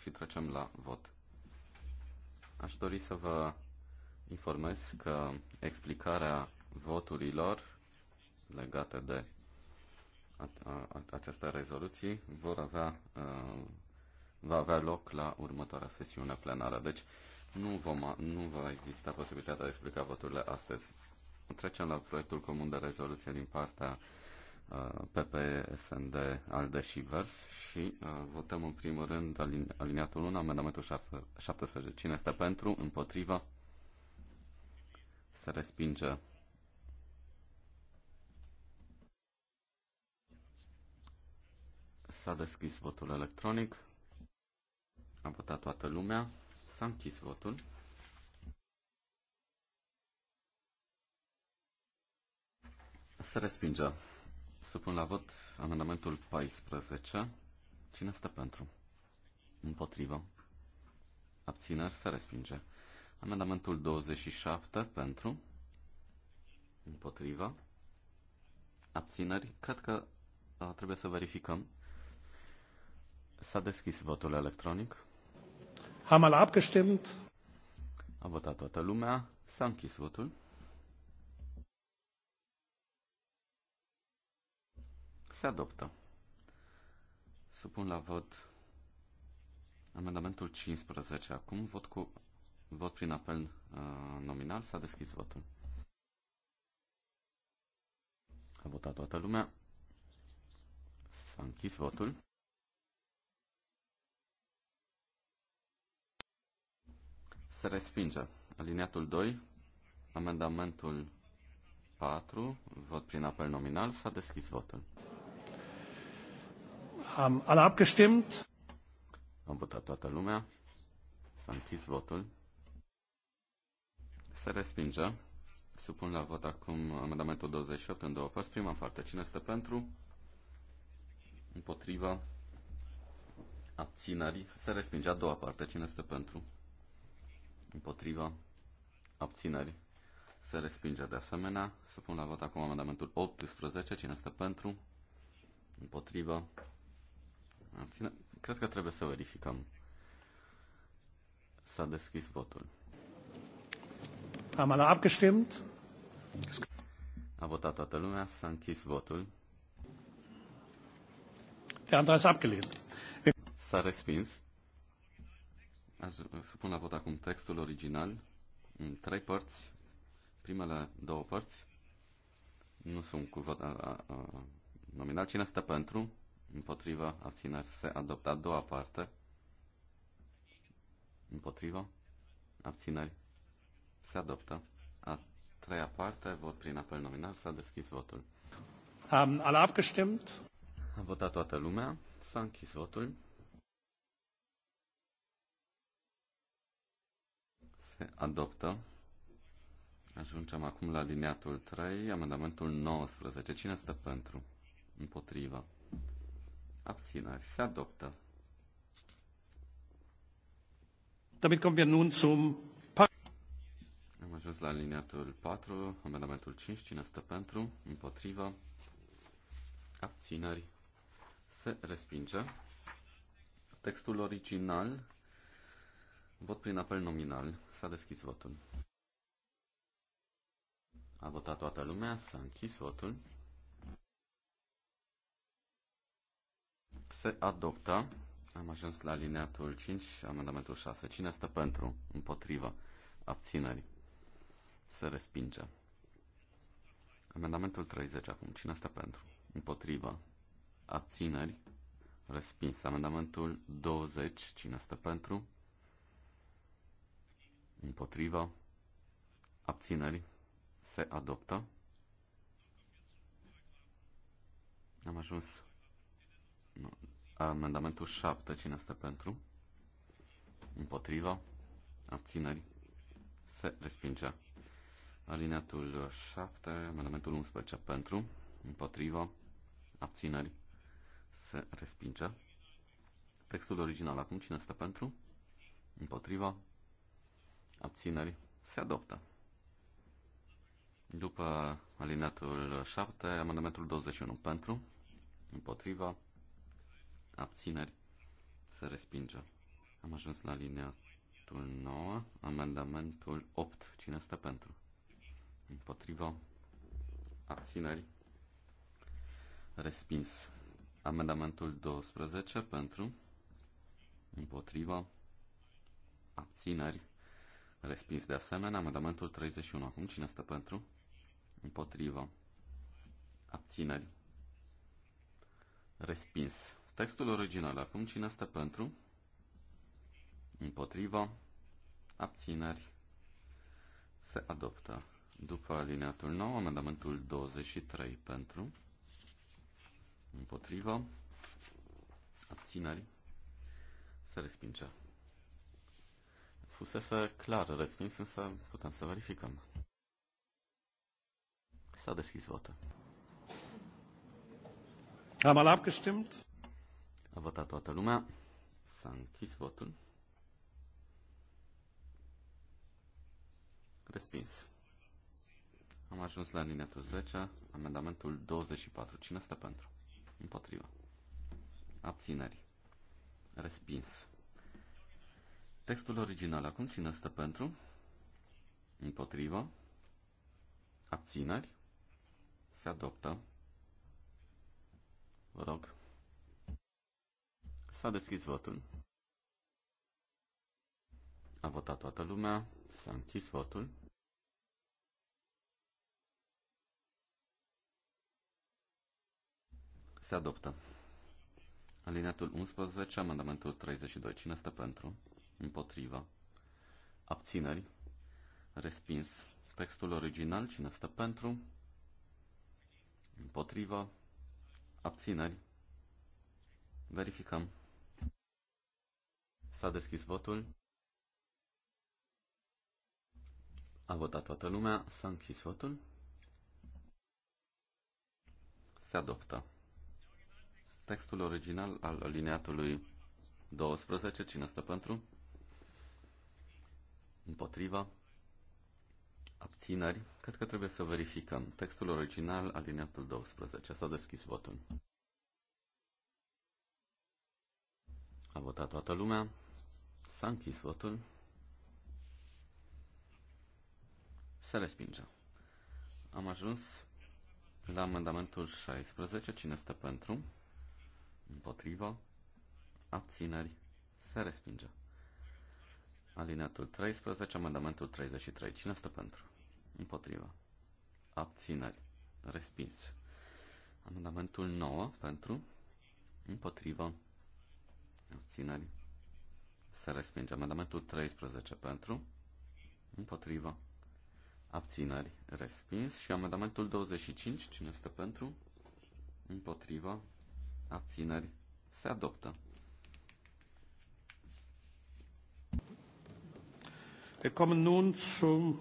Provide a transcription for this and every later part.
și trecem la vot. Aș dori să vă informez că explicarea voturilor legate de aceste rezoluții vor avea, uh, va avea loc la următoarea sesiune plenară. Deci nu, vom, nu va exista posibilitatea de a explica voturile astăzi. Trecem la proiectul comun de rezoluție din partea PP, SND, ALDE și VERS și uh, votăm în primul rând alin- aliniatul 1, amendamentul 7, 17. Cine este pentru? Împotriva? Se respinge. S-a deschis votul electronic. A votat toată lumea. S-a închis votul. Se respinge pun la vot amendamentul 14. Cine stă pentru? Împotrivă. Abțineri se respinge. Amendamentul 27 pentru. Împotrivă. Abțineri. Cred că a, trebuie să verificăm. S-a deschis votul electronic. Am abgestimmt. A votat toată lumea. S-a închis votul. Se adoptă. Supun la vot amendamentul 15. Acum vot cu vot prin apel uh, nominal. S-a deschis votul. A votat toată lumea. S-a închis votul. Se respinge. Aliniatul 2, amendamentul 4, vot prin apel nominal, s-a deschis votul. Am alle abgestimmt? Am votat toată lumea. S-a închis votul. Se respinge. Supun la vot acum amendamentul 28 în două părți. Prima parte. Cine este pentru? Împotriva? Abținări. Se respinge a doua parte. Cine este pentru? Împotriva? Abținări. Se respinge de asemenea. Supun la vot acum amendamentul 18. Cine este pentru? Împotriva? cred că trebuie să verificăm. S-a deschis votul. Am alle abgestimmt? A votat toată lumea, s-a închis votul. Der Antrag ist abgelehnt. S-a respins. Aș, supun la vot acum textul original în trei părți. Primele două părți nu sunt cu vot a, a, a, nominal. Cine stă pentru? Împotrivă, Abțineri se adoptă. A doua parte. Împotrivă, Abțineri se adoptă. A treia parte. Vot prin apel nominal. S-a deschis votul. Am ala abgestimmt? A votat toată lumea. S-a închis votul. se adoptă. Ajungem acum la liniatul 3, amendamentul 19. Cine stă pentru? Împotriva. Abținari se adoptă. Damit kommen wir nun zum am ajuns la liniatul 4, amendamentul 5, cine stă pentru, împotriva, abținări, se respinge. Textul original, vot prin apel nominal, s-a deschis votul. A votat toată lumea, s-a închis votul. se adoptă. Am ajuns la alineatul 5, amendamentul 6. Cine stă pentru? Împotrivă. Abțineri. Se respinge. Amendamentul 30 acum. Cine stă pentru? Împotrivă. Abțineri. Respins. Amendamentul 20. Cine stă pentru? Împotrivă. Abțineri. Se adoptă. Am ajuns Amendamentul 7, cine este pentru? Împotriva? Abțineri? Se respinge. Alineatul 7, amendamentul 11 pentru, împotriva, abțineri, se respinge. Textul original acum, cine este pentru? Împotriva, abțineri, se adoptă. După alineatul 7, amendamentul 21 pentru, împotriva, abțineri, se respinge. Am ajuns la linia 9, amendamentul 8. Cine stă pentru? Împotriva, abțineri, respins. Amendamentul 12 pentru, împotriva, abțineri, respins de asemenea. Amendamentul 31. Acum cine stă pentru? Împotriva, abțineri, respins. Textul original acum, cine este pentru? Împotriva. Abțineri. Se adoptă. După alineatul 9, amendamentul 23 pentru. Împotriva. Abțineri. Se respinge. Fusese clar respins, însă putem să verificăm. S-a deschis votul. Am alle abgestimmt? A votat toată lumea. S-a închis votul. Respins. Am ajuns la liniatul 10, amendamentul 24. Cine stă pentru? Împotriva. Abțineri. Respins. Textul original acum, cine stă pentru? Împotriva. Abțineri. Se adoptă. Vă rog. S-a deschis votul. A votat toată lumea. S-a închis votul. Se adoptă. Alineatul 11, amendamentul 32. Cine stă pentru? Împotriva. Abțineri. Respins. Textul original. Cine stă pentru? Împotriva. Abțineri. Verificăm. S-a deschis votul. A votat toată lumea. S-a închis votul. Se adoptă. Textul original al alineatului 12. Cine stă pentru? Împotriva. Abțineri. Cred că trebuie să verificăm. Textul original, alineatul 12. S-a deschis votul. A votat toată lumea. S-a închis votul. Se respinge. Am ajuns la amendamentul 16. Cine stă pentru? Împotriva? Abțineri? Se respinge. Alineatul 13, amendamentul 33. Cine stă pentru? Împotriva. Abțineri. Respins. Amendamentul 9 pentru. Împotriva. Abțineri se respinge. Amendamentul 13 pentru, împotriva, abțineri, respins. Și amendamentul 25, cine este pentru, împotriva, abțineri, se adoptă. Wir kommen nun zum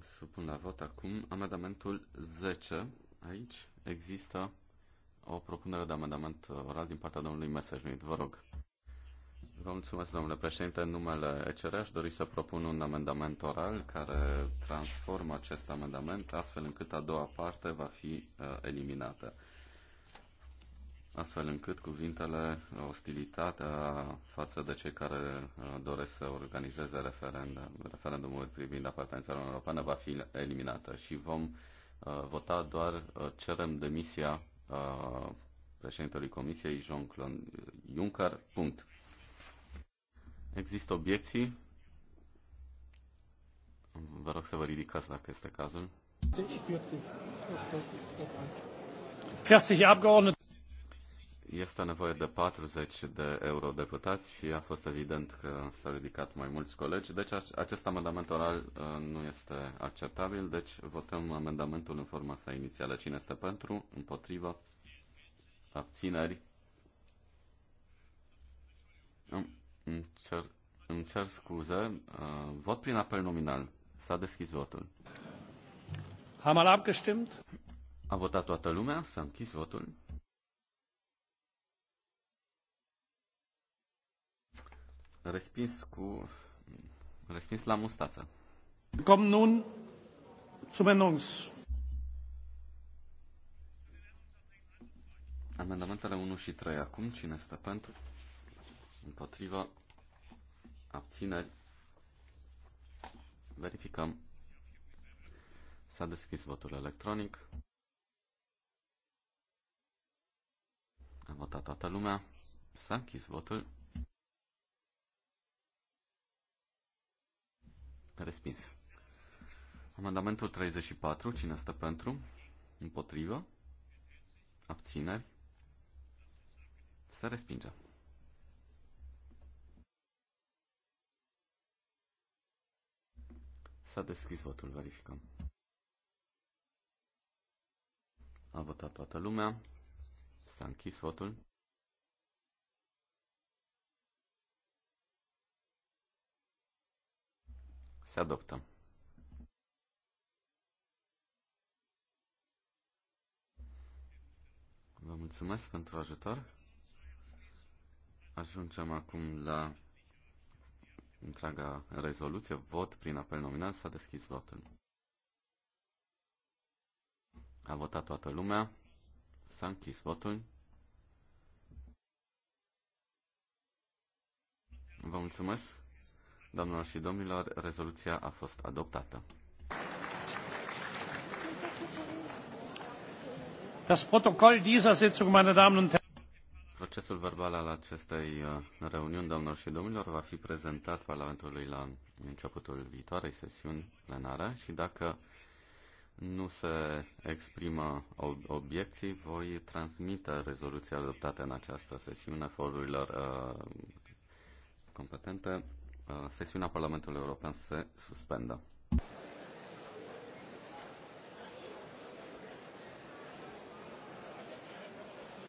Supun la vot acum amendamentul 10. Aici există o propunere de amendament oral din partea domnului Messerschmidt. Vă rog. Vă mulțumesc, domnule președinte. În numele ECR aș dori să propun un amendament oral care transformă acest amendament astfel încât a doua parte va fi uh, eliminată. Astfel încât cuvintele uh, ostilitatea față de cei care uh, doresc să organizeze referendum, referendumul privind Uniunii europeană va fi eliminată și vom uh, vota doar uh, cerem demisia uh, președintelui Comisiei Jean-Claude Juncker. Punct. Există obiecții? Vă rog să vă ridicați dacă este cazul. 40 Este nevoie de 40 de eurodeputați și a fost evident că s-au ridicat mai mulți colegi. Deci acest amendament oral uh, nu este acceptabil, deci votăm amendamentul în forma sa inițială. Cine este pentru? Împotrivă? Abțineri? Îmi cer, îmi cer scuze. Uh, vot prin apel nominal. S-a deschis votul. Am al abgestimmt? A votat toată lumea, s-a închis votul. Respins cu... Respins la mustață. Cum nun zum enunț. Amendamentele 1 și 3 acum. Cine stă pentru? împotriva, abțineri, verificăm. S-a deschis votul electronic. A votat toată lumea. S-a închis votul. Respins. Amendamentul 34. Cine stă pentru? Împotrivă? Abțineri? Se respinge. S-a deschis votul, verificăm. A votat toată lumea. S-a închis votul. Se adoptă. Vă mulțumesc pentru ajutor. Ajungem acum la întreaga rezoluție. Vot prin apel nominal. S-a deschis votul. A votat toată lumea. S-a închis votul. Vă mulțumesc. Doamnelor și domnilor, rezoluția a fost adoptată. Das Protokoll dieser Sitzung, meine Damen und Herren, Procesul verbal al acestei uh, reuniuni, domnilor și domnilor, va fi prezentat Parlamentului la începutul viitoarei sesiuni plenare și dacă nu se exprimă obiecții, voi transmite rezoluția adoptată în această sesiune forurilor uh, competente. Uh, sesiunea Parlamentului European se suspendă.